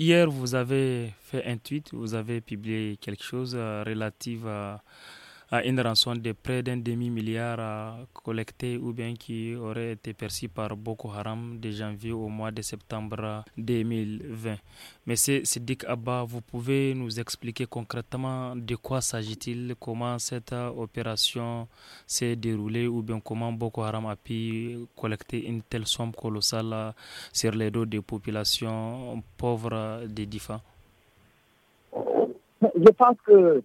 Hier, vous avez fait un tweet, vous avez publié quelque chose euh, relative à à une rançon de près d'un demi-milliard à collecter ou bien qui aurait été perçue par Boko Haram de janvier au mois de septembre 2020. Monsieur Siddiq Abba, vous pouvez nous expliquer concrètement de quoi s'agit-il, comment cette opération s'est déroulée ou bien comment Boko Haram a pu collecter une telle somme colossale sur les dos des populations pauvres des Diffa Je pense que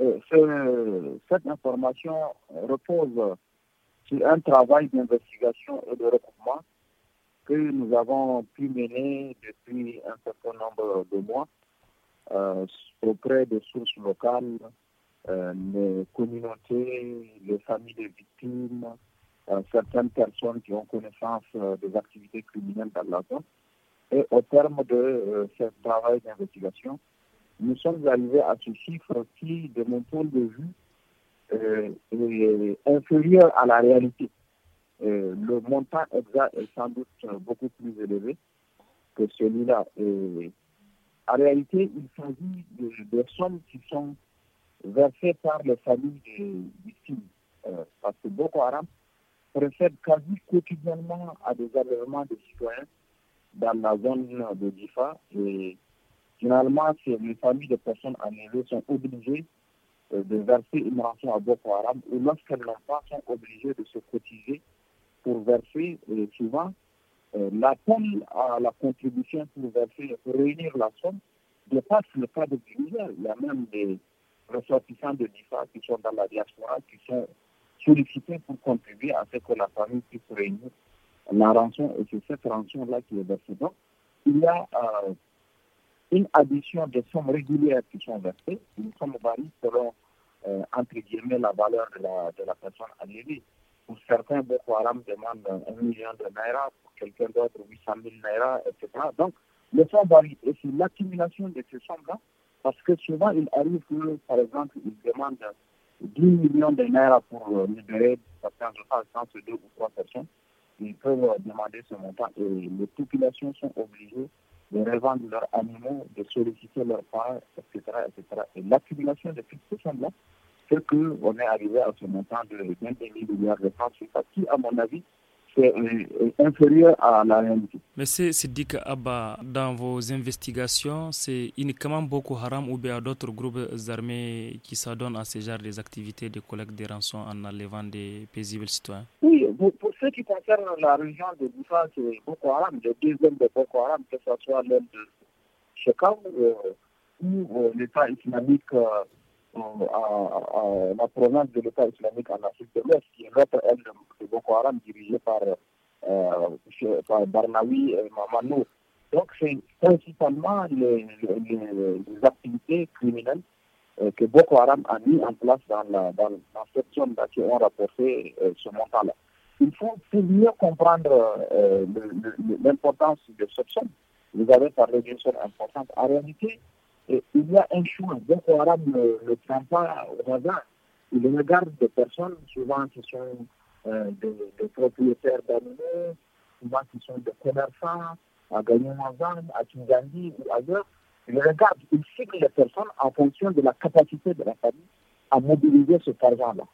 euh, cette information repose sur un travail d'investigation et de recoupement que nous avons pu mener depuis un certain nombre de mois euh, auprès des sources locales, euh, les communautés, les familles des victimes, euh, certaines personnes qui ont connaissance des activités criminelles dans la zone. Et au terme de ce travail d'investigation, nous sommes arrivés à ce chiffre qui, de mon point de vue, euh, est inférieur à la réalité. Euh, le montant exact est sans doute beaucoup plus élevé que celui-là. Euh, en réalité, il s'agit de, sommes qui sont versées par les familles victimes. Euh, parce que Boko Haram procède quasi quotidiennement à des enlèvements de citoyens dans la zone de Difa et Finalement, les familles de personnes annulées sont obligées euh, de verser une rançon à Boko Haram ou lorsqu'elles n'ont pas, sont obligées de se cotiser pour verser et euh, souvent somme euh, à la contribution pour verser, pour réunir la somme dépasse le pas de plusieurs. Il y a même des ressortissants de l'IFA qui sont dans la diaspora qui sont sollicités pour contribuer à ce que la famille puisse réunir la rançon et c'est cette rançon-là qui est versée. Donc, il y a une addition des sommes régulières qui sont versées, une somme varie selon, euh, entre guillemets, la valeur de la, de la personne annulée. Pour certains, Boko Haram demande un million de naira, pour quelqu'un d'autre 800 000 naira, etc. Donc, les sommes varient. Et c'est l'accumulation de ces sommes-là, parce que souvent, il arrive que, par exemple, ils demandent 10 millions de naira pour euh, libérer certains otages, entre deux ou trois personnes. Ils peuvent demander ce montant et les populations sont obligées de revendre leurs animaux, de solliciter leurs parents, etc. etc. Et l'accumulation de toutes ces sommes-là fait qu'on est arrivé à ce montant de 000 milliards de francs sur qui, à mon avis, euh, inférieure à la c'est dit que Abba, dans vos investigations, c'est uniquement Boko Haram ou bien d'autres groupes armés qui s'adonnent à ce genre d'activités de collecte des rançons en enlevant des paisibles citoyens Oui, pour, ce qui concerne la région de Boko Haram, le deuxième de Boko Haram, que ce soit l'homme de Chekam euh, ou euh, l'État islamique à, la présence de l'État islamique en Afrique de l'Ouest, qui est l'autre aile de Boko Haram dirigée par, euh, par Barnawi et euh, Mamanou. Donc, c'est principalement les, activités criminelles euh, que Boko Haram a mis en place dans, la, dans, dans cette zone-là qui ont rapporté euh, ce montant-là. Il faut mieux comprendre l'importance de cette somme. Vous avez parlé d'une somme importante. En réalité, il y a un choix. Boko Haram ne, prend pas au hasard. Il regarde des personnes, souvent qui sont euh, des, propriétaires d'animaux, souvent qui sont des commerçants, à Gagnon-Mazan, à Kingandi ou ailleurs. Il regarde, il cible les personnes en fonction de la capacité de la famille à mobiliser cet argent-là.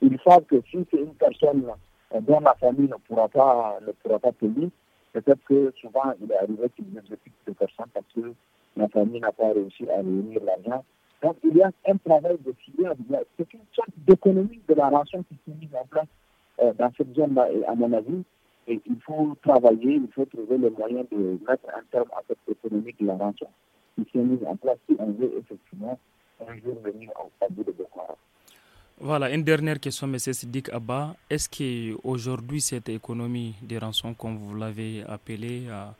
Il faut que si une personne euh, dans la famille ne pourra pas, ne pourra pas payer, peut-être que souvent il est arrivé qu'il ne de personnes parce que ma famille n'a pas réussi à réunir l'argent. Donc, il y a un travail de filière. C'est une sorte d'économie de la ration qui s'est mise en place euh, dans cette zone-là, à mon avis. Et il faut travailler, il faut trouver le moyen de mettre un terme à cette économie de la ration qui s'est mise en place si on veut effectivement un jour venir au bout de Boko voilà, une dernière question, M. Sidik Abba. Est-ce qu'aujourd'hui, cette économie des rançons, comme vous l'avez appelée, a,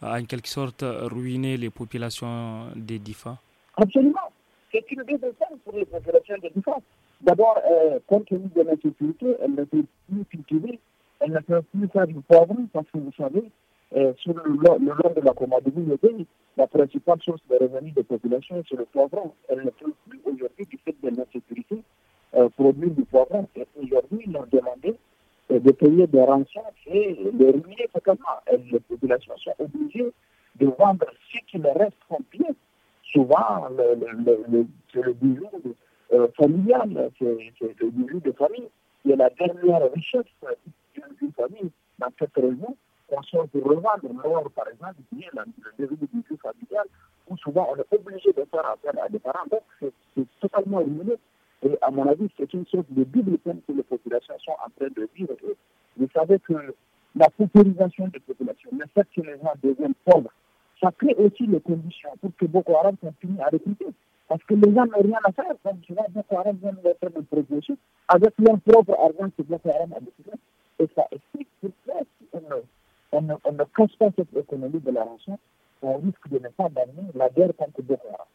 en quelque sorte ruiné les populations des DIFA Absolument. C'est une désespoir pour les populations des DIFA. D'abord, euh, compte tenu de l'insécurité, elle ne peuvent plus cultiver, Elle ne peut plus faire du poivron parce que vous savez, euh, sur le, long, le long de la commandement, la principale source de revenus des populations, c'est le poivron. elle ne peut plus aujourd'hui du fait de l'insécurité euh, produits du poivron. Et aujourd'hui, ils ont demandé euh, de payer des rançons et de ruiner totalement. les populations sont obligées de vendre ce qui leur reste pied. Souvent, le, c'est le bijou euh, familial, c'est le bijou de famille. a la dernière richesse d'une famille dans cette région, on sort de revendre l'or, par exemple, qui est le bijou familial, où souvent on est obligé de faire affaire à des parents. Donc, c'est totalement ruiné à mon avis, c'est une sorte de bibliothèque que les populations sont en train de vivre. vous savez que la paupérisation des populations, le fait que les gens deviennent pauvres, ça crée aussi les conditions pour que Boko Haram continue à recruter. Parce que les gens n'ont rien à faire. Comme tu vois, Boko Haram vient de faire une progression avec leur propre argent que Boko Haram a décidé. Et ça explique pourquoi si on, ne casse pas cette économie de la rançon, on risque de ne pas gagner la guerre contre Boko Haram.